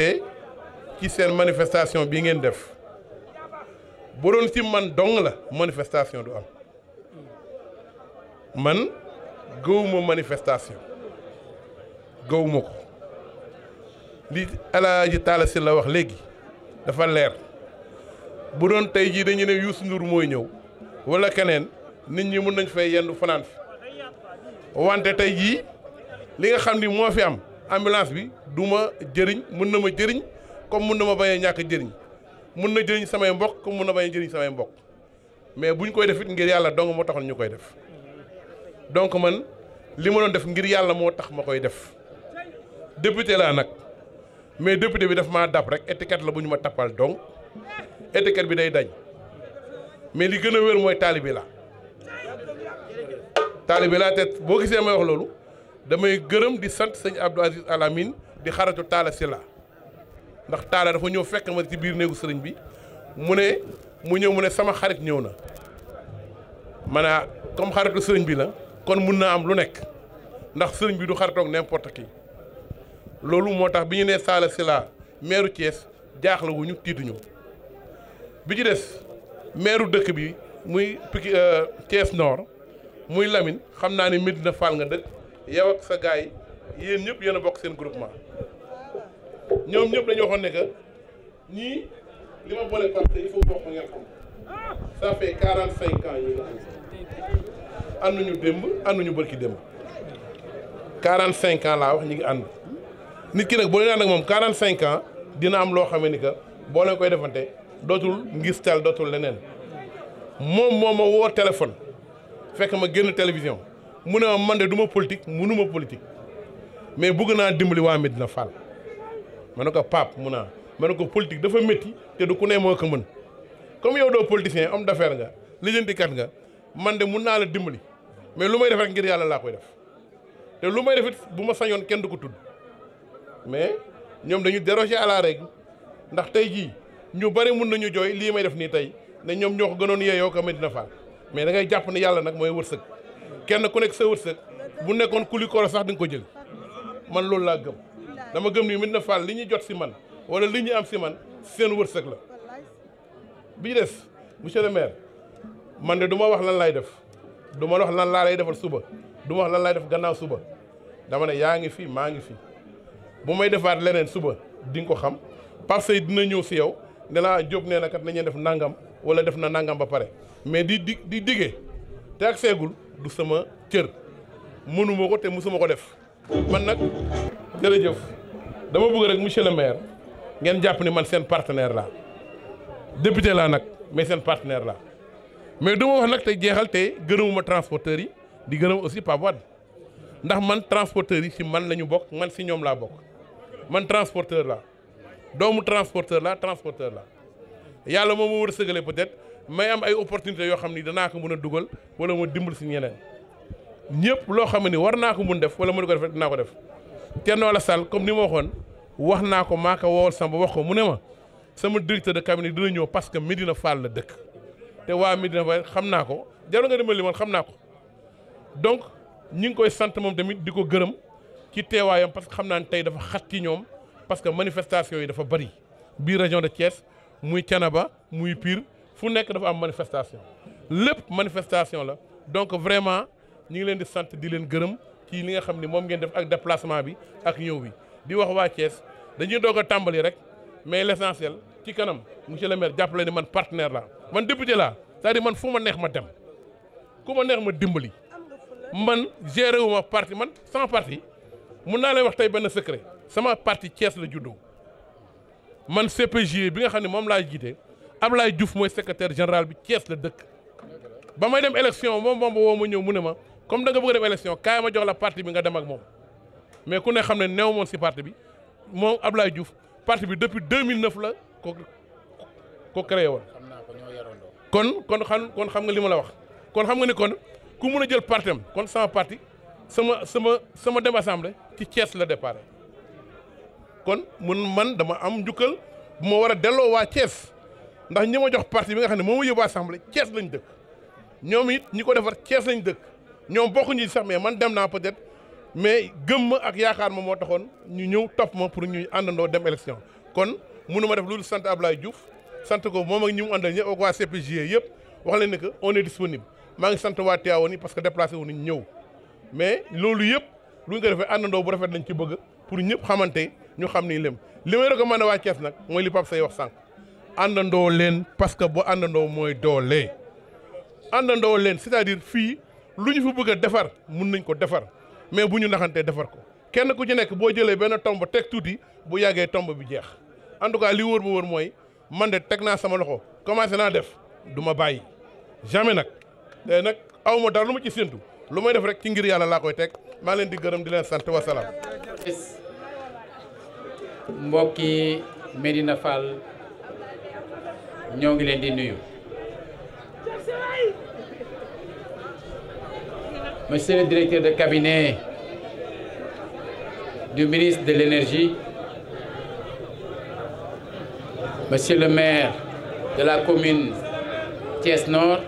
félicité ci seen manifestation bi ngeen def bu doon ci man dong la manifestation du am man gëwuma manifestation gëwuma ko li Alaaji Taala Si la wax léegi dafa leer bu doon tey jii dañu ne Youssou Ndour mooy ñëw wala keneen nit ñi mun nañ fay yendu fanaan fi wante tey jii li nga xam ni moo fi am ambulance bi du ma jëriñ mën na ma jëriñ comme mën na ma bañee ñàkk jëriñ mën na jëriñ samay mbokk comme mën na bañ a jëriñ samay mbokk mais bu ñu koy def ngir yàlla dong moo taxoon ñu koy def donc man li ma doon def ngir yàlla moo tax ma koy def député laa nag mais député bi daf maa dab rek étiquette la bu ñu ma tappal donc étiquette bi day dañ mais li gën a wér mooy taalibi la taalibi laa te boo gisee may wax loolu damay gërëm di sant sëñ Abdou Aziz Alamine di xaratu Talla Sylla ndax Talla dafa ñëw fekk ma ci biir néegu sëriñ bi mu ne mu ñëw mu ne sama xarit ñëw na maanaam comme xaritu sëriñ bi la kon mun naa am lu nekk ndax sëriñ bi du xaritoog n'importe qui loolu moo tax bi ñu nee Talla Sylla meeru Thiès jaaxle wuñu tiituñu bi ci des meeru dëkk bi muy Piki euh, Thiès Nord muy Lamine xam naa ne Medina Fall nga dëkk. yow ak sa gars yi yéen ñëpp yéen a bokk seen groupement ñoom ñëpp dañu waxoon ne que ñii li ma boole parce que il faut bokk ngeen ko cinq ans ñu ngi ànd ñu démb ànd ñu laa wax ñu ngi ànd nit ki nag boo leen ànd ak moom quarante cinq dina am loo xam ni que boo leen koy defante dootul ngistal dootul leneen moom moo ma woo téléphone fekk ma génn télévision. mu ne man de du ma politique mënuma politique mais bëgg naa dimbali waa Medina Fall ma ne ko Pape mu naa ma ne ko politique dafa métti te du ku ne moo ko mën comme yow doo politicien homme d'affaires nga lijjantikat nga man de mun naa la dimbali mais lu may def rek ngir yàlla laa koy def te lu may def bu ma sañoon kenn du ko tudd mais ñoom dañu déroger à la ndax tey jii ñu bari mun nañu jooy lii may def nii tey ne ñoom ñoo ko gënoon yeeyoo ko Medina faa mais da ngay jàpp ne yàlla nag mooy wërsëg. kenn ku nekk sa wërsëg bu nekkoon kuli koor sax di nga ko jël man loolu laa gëm dama gëm ni mit na fall li ñuy jot si man wala li ñuy am si man seen wërsëg la bi des monsieur le maire man de du ma wax lan laay def du ma wax lan laa lay defal suba du ma wax lan laay def gannaaw suba dama ne yaa ngi fi maa ngi fi bu may defaat leneen suba di nga ko xam parce que dina ñëw si yow ne jóg nee na kat nañu def nangam wala def na nangam ba pare mais di di di diggee te ak seegul du sama cër mënuma ko te musuma ko def man nag jërëjëf dama bëgg rek monsieur le maire ngeen jàpp ni man seen partenaire laa député laa nag mais seen partenaire laa mais duma wax nag te jeexal te gërëmuma transporteurs yi di gërëm aussi Pape Wade ndax man transporteurs yi si man la ñu bokk man si ñoom laa bokk man transporteur laa doomu transporteur laa transporteur laa yàlla moom war wërsëgale peut-être may am ay opportunité yoo xam ni danaa ko mën a dugal wala ma dimbal si ñeneen ñëpp loo xam ni war naa ko mun def wala mënu ko def rek dinaa ko def Thierno la Sall comme ni ma waxoon wax naa ko maa ko woowal sama wax ko mu ne ma sama directeur de cabinet dina ñëw parce que Medina Fall la dëkk te waa Medina Fall xam naa ko jarul nga demal li man xam naa ko donc ñi ngi koy sant moom tamit di ko gërëm ci teewaayam parce que xam naa ne tey dafa xat ci ñoom parce que manifestation yi dafa bari biir région de Thiès muy Thiénaba muy Pire. fu nekk dafa am manifestation lépp manifestation la donc vraiment ñu ngi leen di sant di leen gërëm ci li nga xam ni moom ngeen def ak déplacement bi ak ñëw bi di wax waa Thiès dañuy doog a tàmbali rek mais l'essentiel ci kanam monsieur le maire jàppale ni man partenaire laa man député laa cest à man fu ma neex ma dem ku ma neex ma dimbali man géré wu ma parti man sama parti mun naa leen wax tey benn secret sama parti Thiès la juddoo man CPJ bi nga xam ne moom laa jiite. Ablaye Diouf mooy secrétaire général bi Thiès la dëkk ba may dem élection moom moom woo ma ñëw mu ne ma comme da nga bëgg a dem élection kaay ma jox la parti bi nga dem ak moom mais ku ne xam ne new moon si parti bi moom laay Diouf parti bi depuis 2009 la ko ko créé woon. kon kon xam kon xam nga li ma la wax kon xam nga ni kon ku mun a jël parti am kon sama parti sama sama sama dem assemblée ci Thiès la départ kon mun man dama am njukkal bu war a delloo waa ndax ñi jox parti bi nga xam ne moom a yóbbu assemblée Thiès lañ dëkk ñoom it ñi ko defar Thiès lañ dëkk ñoom bokkuñu sax mais man dem naa peut-être mais gëm ma ak yaakaar ma moo taxoon ñu ñëw topp ma pour ñuy àndandoo dem élection kon mënu ma def loolu sant Ablaye Diouf sant ko moom ak ñi mu àndal ñëpp ak waa CPJ yëpp wax leen ne que on est disponible maa ngi sant waa Tivaouane yi parce que déplacé wu nañ ñëw mais loolu yëpp lu ñu ko àndandoo bu rafet lañ ci bëgg pour ñëpp xamante ñu xam ni lem li may recommandé waa Thiès nag mooy li Pape Seye wax sànq. àndandoo leen parce que bu àndandoo mooy doole àndandoo leen c'est-à-dire fii lu ñu fi bëgg a defar mun nañ ko defar mais bu ñu naxantee defar ko kenn ku ci nekk boo jëlee benn tomb teg tuuti bu yàggee tomb bi jeex en tout cas li wóor bu wóor mooy man de teg naa sama loxo commencé naa def du ma bàyyi jamais nag te nag aw ma dara lu ma ci séntu lu may def rek ci ngir yàlla laa koy teg maa leen di gërëm di leen sant wasalaam. mbokki Medina fal ñoo ngi leen di nuyu monsieur le directeur de cabinet du ministre de l'énergie monsieur le maire de la commune Thiès Nord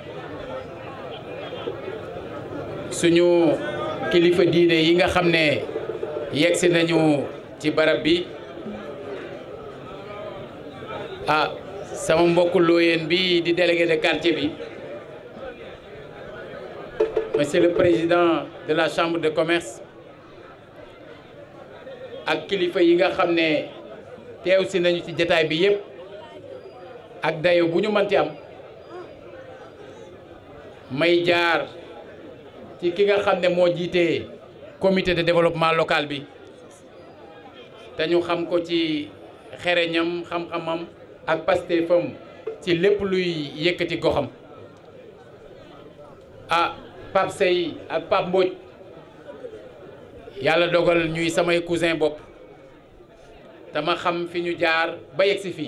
suñu kilifa diine yi nga xam ne yegsi nañu ci barab bi ah sama mbokku looyeen bi di délégué de quartier bi monsieur le président de la chambre de commerce ak kilifa yi nga xam ne teew si nañu ci jataay bi yépp ak dayo bu ñu mënti am may jaar ci ki nga xam ne moo jiitee comité de développement local bi te xam ko ci xereñam xam-xamam ak pasteefam ci lépp luy yëkkati goxam ah Pape Sey ak Pape Mbodj yàlla dogal ñuy samay cousin bopp dama xam fi ñu jaar ba yegg si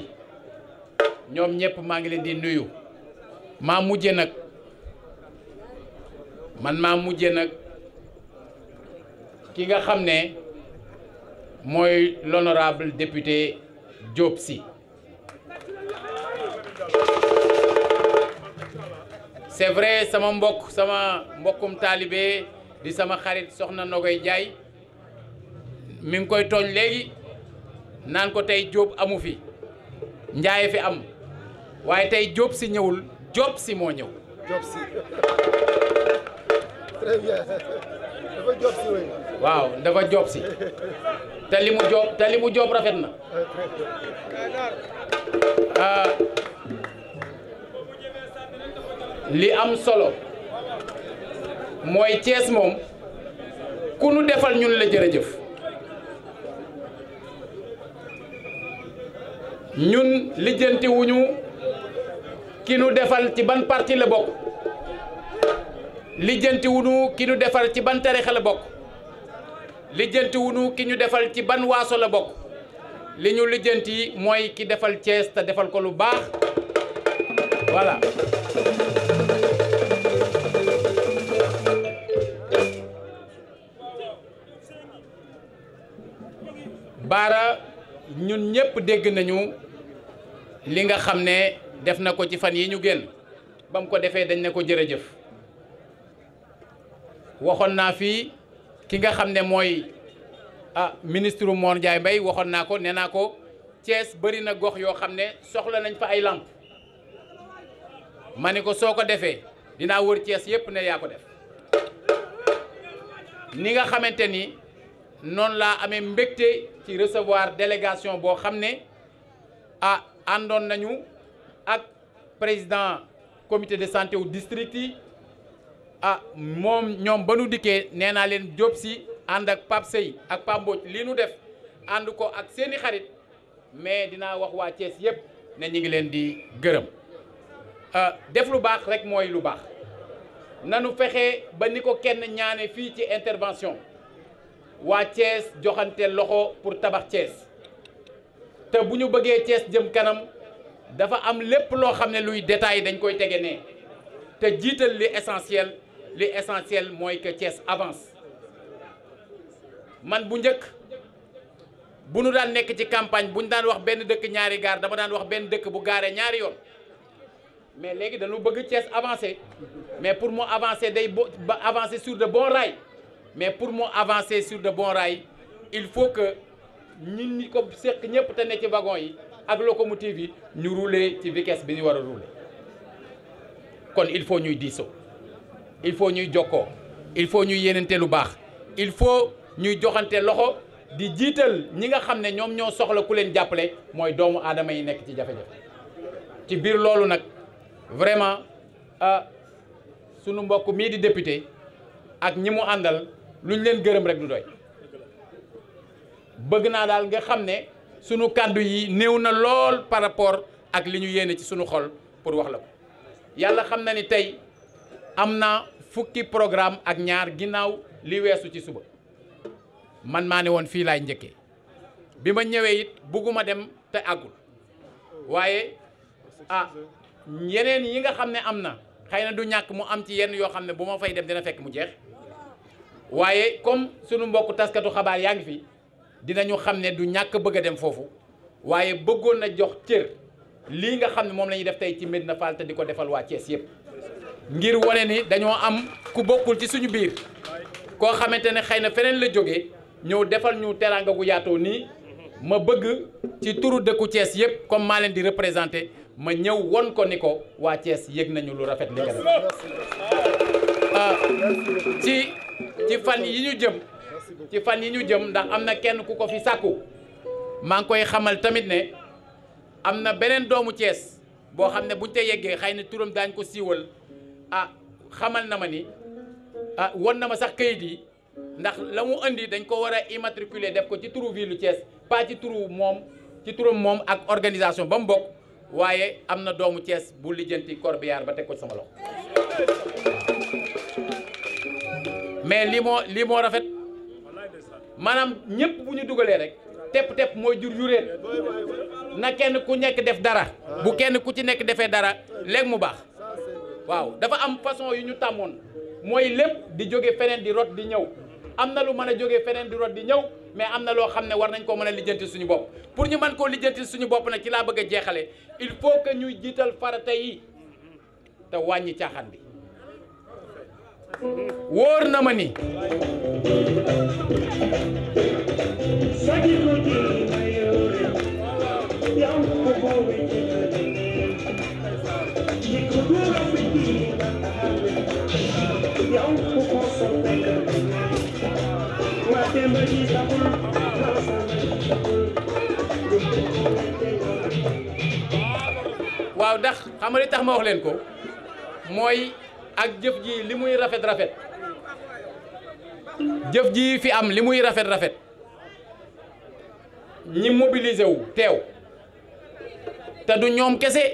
ñoom ñëpp maa ngi leen di nuyu maa mujje nag man maa mujje nag ki nga xam ne mooy l'honorable député Diop si c'est vrai sama mbokk sama mbokkum taalibe di sama xarit soxna Nogoy jaay mi ngi koy tooñ léegi naan ko tey Jóob amu fi Njaay fi am waaye tey Jóob si ñëwul Jóob si moo ñëw Jóob si waaw dafa Jóob si te li mu Jóob te li mu Jóob rafet na ah, li am solo mooy cees moom ku nu defal ñun la jërëjëf ñun lijjanti wuñu ki nu defal ci ban parti la bokk lijjanti ki nu defal ci ban tarixa la bokk lijjanti ki ñu defal ci ban waaso la bokk li ñu lijjanti mooy ki defal cees te defal ko lu baax voilà ñun ñëpp dégg nañu li nga xam ne def na ko ci fan yi ñu génn bam ko defee dañ ne ko jërëjëf waxoon naa fii ki nga xam ne mooy ah ministre Mor Ndiaye Mbaye waxoon naa ko nee naa ko Thiès bëri na gox yoo xam ne soxla nañ fa ay lànk ma ne ko soo ko defee dinaa wër Thiès yépp ne yaa ko def ni nga xamante ni. noonu laa amee mbégte ci recevoir délégation boo xam ne ah àndoon nañu ak président comité de santé wu district yi ah moom ñoom ba nu dikkee nee naa leen Diop si ànd ak Pape Sey ak Pape Mbodj li nu def ànd ko ak seeni xarit mais dinaa wax waa Thiès yëpp ne ñu ngi leen di gërëm def lu baax rek mooy lu baax nanu fexe ba ni ko kenn ñaane fii ci intervention waa Thiès joxante loxo pour tabax cees te bu ñu bëggee cees jëm kanam dafa am lépp loo xam ne luy détail dañ koy tege ne te jiital li essentiel li essentiel mooy que cees avance man bu njëkk bu nu daan nekk ci campagne bu ñu daan wax benn dëkk ñaari gaar dama daan wax benn dëkk bu gaaree ñaari yoon mais léegi dañu bëgg Thiès avancer mais pour mu avancer day ba avancer sur de bons mais pour mu avancer surde de bons il faut que ñun ñi ko seq ñëpp te ne ci wagon yi ak locomotive yi ñu rouler ci vitesse bi ñu war a rouler kon il faut ñuy diisoo il faut ñuy jokkoo il faut ñuy yéenante lu baax il faut ñuy joxante loxo di jiital ñi nga xam ne ñoom ñoo soxla ku leen jàppale mooy doomu aadama yi nekk ci jafe ci biir loolu nag vraiment euh, sunu mbokk mii di député ak ñi mu àndal luñ leen gërëm rek du doy bëgg naa daal nga xam ne sunu kàddu yi néew na lool par rapport ak li ñu yéene ci sunu xol pour wax la ko yàlla xam na ni tey am na fukki programme ak ñaar ginnaaw li weesu ci suba man maa ne woon fii laay njëkkee bi ma ñëwee it bugguma dem te àggul waaye a ah, yeneen yi nga xam ne am na xay na du ñàkk mu am ci yenn yoo xam ne bu ma fay dem dina fekk mu jeex waaye comme sunu mbokk taskatu xabaar yaa ngi fi dinañu xam ne du ñàkk bëgg a dem foofu waaye bëggoon na jox cër lii nga xam ne moom lañu def tey ci Médina na te di ko defal waa Thiès yëpp ngir wane ni dañoo am ku bokkul ci suñu biir koo xamante ne xëy na feneen la jóge ñëw defal ñu teraanga gu yaatoo nii ma bëgg ci turu dëkku Thiès yëpp comme maa leen di représenté ma ñëw won ko ni ko waa Thiès yëg nañu lu rafet li nga ci fan yi ñu jëm ci fan yi ñu jëm ndax am na kenn ku ko fi sàkku maa ngi koy xamal tamit ne am na beneen doomu cees boo xam ne buñ te yeggee xay na turam daañ ko siiwal a ah, xamal na ma ni ah won na ma sax kayit yi ndax la mu indi dañ ko war a immatriculer def ko ci turu lu Thiès paa ci turu moom ci turam moom ak organisation ba mu bokk waaye am na doomu Thiès bu lijjanti corbillard ba teg ko sama loxo mais lii moo lii moo rafet maanaam ñëpp bu ñu dugalee rek tepp tepp mooy jur yuréen na kenn ku nekk def dara bu kenn ku ci nekk defee dara léegi mu baax waaw dafa am façon yu ñu tàmmoon mooy lépp di jóge feneen di rot di ñëw am na lu mën a jóge feneen di rot di ñëw mais am na loo xam ne war nañ koo mën a lijjanti suñu bopp pour ñu mën koo lijjanti suñu bopp nag ci laa bëgg a jeexale il faut que ñuy jiital farata yi te wàññi caaxaan bi wóor na ma ni waaw ndax xam nga li tax ma wax leen ko mooy ak jëf ji li muy rafet rafet jëf ji fi am li muy rafet rafet ñi mobiliser wu teew te du ñoom kese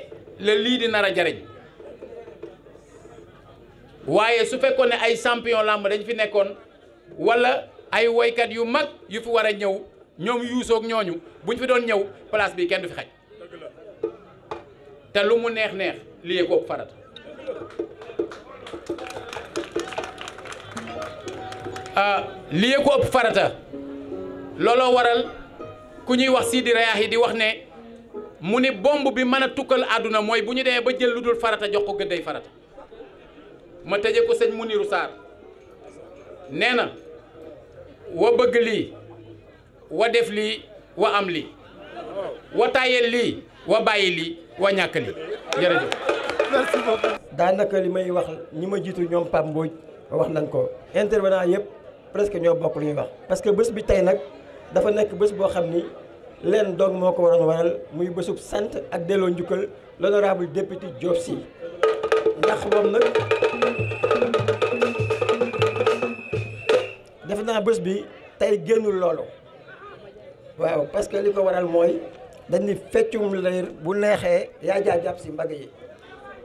la lii di nar a jariñ waaye su fekkoon ne ay champion làmb dañu fi nekkoon walla ay woykat yu mag yu fi war a ñëw ñoom yuusoog ñooñu buñ fi doon ñëw place bi kenn du fi xaj te lu mu neex neex lii ko farata a lii ko ëpp farata looloo waral ku ñuy wax Sidi Rayaahi di wax ne mu ni bomb bi mën a tukkal àdduna mooy bu ñu demee ba jël lu dul farata jox ko gëdday farata ma tëje ko sëñ Muniru Sarr nee na wa bëgg lii wa def lii wa am lii wa tàyyeel lii wa bàyyi lii wa ñàkk lii jërëjëf daanaka li may wax ñi ma jiitu ñoom Pape wax nañ ko intervenant yëpp presque ñoo bokk lu ñuy wax. parce que bés bi tey nag dafa nekk bés boo xam ni leen dong moo ko waroon waral muy bésub sant ak delloo njukkal l'honorable député Diop Sy ndax moom nag def naa bés bi tey génnul loolu waaw parce que li ko waral mooy dañ ni feccum leer bu neexee yaa jaa jàpp si mbagg yi.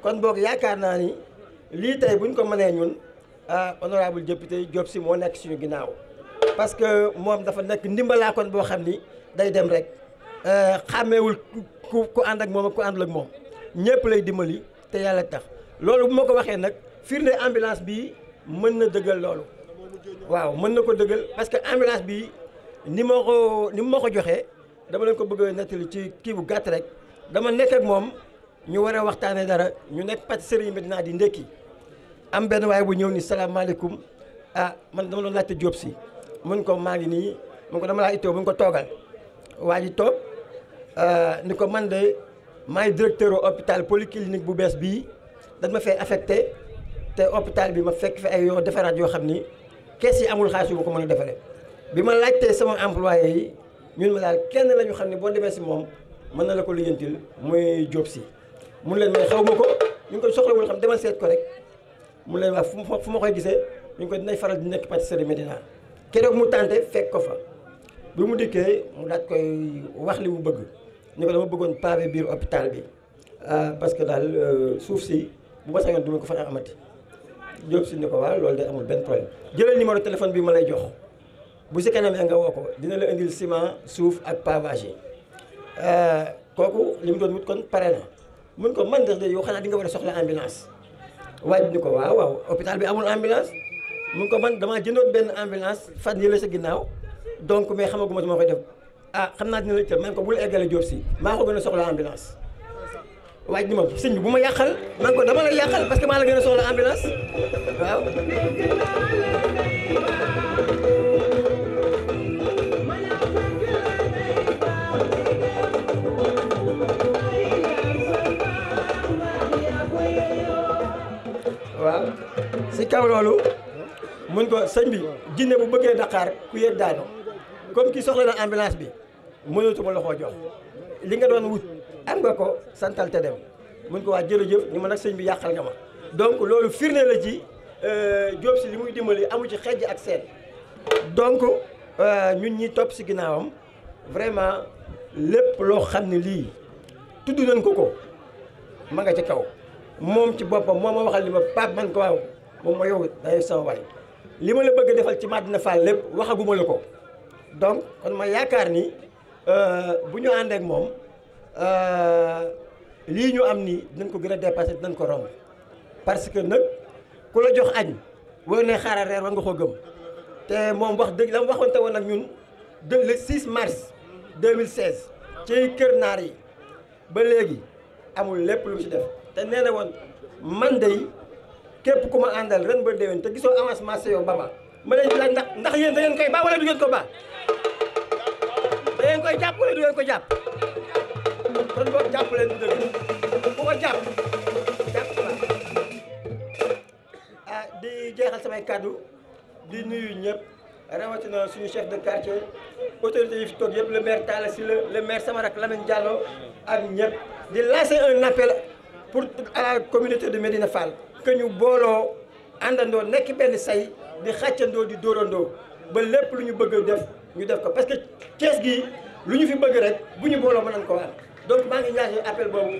kon boog yaakaar naa ni lii bu ñu ko mënee ñun ah, honorable député Diop Sy moo nekk suñu ginnaaw parce que moom dafa nekk ndimbalaa kon boo xam ni day dem rek eh, xàmmeewul ku ku ànd ak moom ak ku àndul ak moom ñëpp lay dimbali te yàlla tax loolu bu ma ko waxee nag firnde ambulance bii mën na dëggal loolu waaw mën na ko dëggal parce que ambulance bii ni ma ko ni mu ma ko joxee dama leen ko bëgg a nettali ci kii bu gàtt rek dama nekk ak moom ñu war a waxtaanee dara ñu nekk pâtisserie Médina di ndekki am benn waaye bu ñëw ni salaamaaleykum ah man dama doon laajte Diop si mun ko maa ngi nii mun ko dama laa ittoo mun ko toogal waa ji toog ah, ni ko man de maay directeur hôpital polyclinique bu bees bii dañ ma fay affecte te hôpital bi ma fekk fi ay yoo defaraat yoo xam ni kes yi amul xaalis bu ko mën a defaree bi ma laajtee sama employé yi ñun ma daal kenn la ñu xam ne boo demee si moom mën na la ko liggéeyantil muy Diop si mun leen may xaw ma ko ñu ngi koy soxlawul xam demal seet ko rek mun leen wax fu ma fu ma koy gisee ñu ngi koy dinañ faral di nekk pâtisserie Médina keroog mu tànte fekk ko fa bi mu dikkee mu daat koy wax li mu bëgg ñu ko dama bëggoon pavé biir hôpital bi euh, parce que daal euh, suuf si bu ma sañoon du ma ko fa amati Diop si ni ko waaw loolu de amul benn problème jëlal numéro téléphone bi ma lay jox bu si kanam nga woo ko dina la indil ciment suuf ak pavage yi euh, kooku li mu doon kon pare na mun ko man de yow xanaa di nga war a soxla ambulance waaj ni ko waaw waaw hôpital bi amul ambulance mun ko man damaa jëndoon benn ambulance fan yële sa ginnaaw donc mais xamaguma su ma koy def ah xam naa dina la ca man ko bul eggale Diop si maa ko gën a soxla ambulance. waaj ni ma sëñ bu ma yàqal man ko dama la yàqal parce que maa la gën a soxla ambulance waaw. si kaw loolu mun ko sëñ bi jinne bu bëggee daqaar ku yéeg daanu comme kii soxla na ambulance bi mënatuma loxoo jox li nga doon wut am nga ko santal te dem ko waa jërëjëf ni ma nag sëñ bi yàqal nga ma donc loolu firnde la ji euh, Diop si li muy dimbali amu ci xejj ak seet donc euh, ñun ñi topp si ginnaawam vraiment lépp loo xam ne lii tudd nañ ko ko ma nga ci kaw moom ci boppam moom ma waxal li ma paap man ko waaw moom ma yow day sama waay li ma la bëgg defal ci Madina Fall lépp waxaguma la ko donc kon ma yaakaar ni euh, bu ñu ànd ak moom euh, lii ñu am ni dinañ ko gën a dépassé dinañ ko romb parce que nag ku la jox añ war ne xaaral reer war nga ko gëm te moom wax dëgg la mu waxante woon ak ñun de le 6 mars 2016 ci kër naar yi ba léegi amul lépp lu mu ci def te nee na woon man de képp ku ma àndal ren ba déwén te gisoo avancement sa yow baba ma leen laaj ndax ndax yéen da ngeen koy ba wala du ngeen ko ba da ngeen koy jàpp ko jàpp kon boobu jàpp leen du dëgg ko jàpp jàpp ah, di jeexal samay kàddu di nuyu ñëpp rawatina suñu chef de quartier autorité yi fi toog yëpp le maire Talla Sylla le maire sama rak Lamine Diallo ak ñëpp di lancer un appel pour à la communauté de Médina Fall que ñu booloo àndandoo nekk benn say di xàccandoo di dóorandoo ba lépp lu ñu bëgg a def ñu def ko parce que Thiès gi lu ñu fi bëgg rek bu ñu booloo mën nañ ko am donc maa ngi ñaanal appel boobu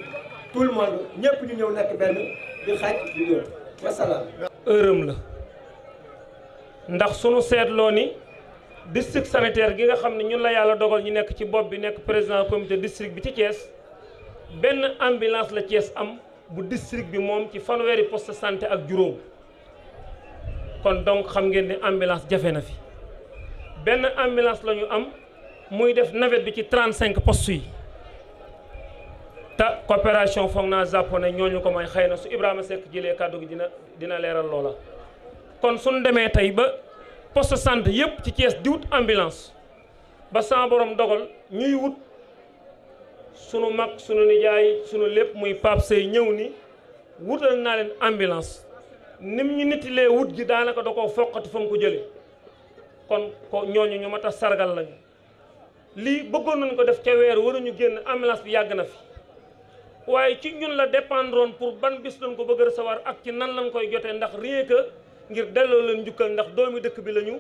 tout le monde ñëpp ñu ñëw nekk benn di xàcc di dóor wasalaam. ërëm la ndax sunu seetloo ni district sanitaire gi nga xam ne ñun la yàlla dogal ñu nekk ci bopp bi nekk président comité district bi ci Thiès benn ambulance la Thiès am. bu district bi moom ci fanweeri poste santé ak juróom kon donc xam ngeen ne ambulance jafe na fi benn ambulance la ñu am muy def navette bi ci 35 post yi te coopération foog naa japonais ñooñu ko may xëy na su Ibrahima Seck jëlee kàddu gi dina dina leeral loola. kon suñ demee tey ba post santé yëpp ci Thiès di wut ba sama dogal ñuy wut. sunu mag sunu nijaay sunu lépp muy Pape Seye ñëw ni wutal naa leen ambulance nim ñu nitilee wut gi daanaka da ko foqati fa ko jële kon ko ñooñu ñu ma tax sargal lañu lii bëggoon nañ ko def ca weer waruñu génn ambulance bi yàgg na fi waaye ci ñun la dépendroon pour ban bis lañ ko bëgg a recevoir ak ci nan lañ koy jotee ndax rien que ngir delloo leen njukkal ndax doomi dëkk bi lañu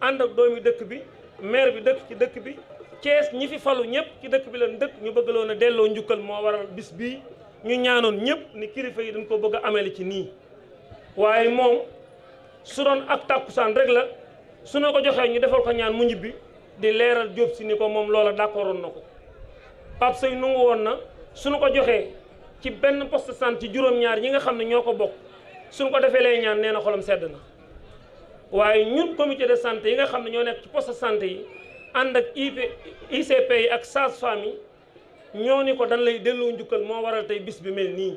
ànd ak doomi dëkk bi maire bi dëkk ci dëkk bi Cees ñi fi falu ñëpp ci dëkk bi leen dëkk ñu bëgg loon a delloo njukkal moo waral bis bii ñu ñaanoon ñëpp ni kilifa yi dañ ko bëgg a ameli ci nii waaye moom su doon ak tàkkusaan rek la su na ko joxee ñu defal ko ñaan mu ñibbi di leeral jóob si ni ko moom loola d'accordoon na ko Pape Sey nangu woon na suñu ko joxee ci benn poste santé ci juróom-ñaar yi nga xam ne ñoo ko bokk suñu ko defee lay ñaan nee na xolam sedd na waaye ñun comité de sant yi nga xam ne ñoo nekk ci poste santé yi ànd ak ICP yi ak sage-femme yi ñoo ni ko dañ lay delloo njukkal moo waral tey bis bi mel nii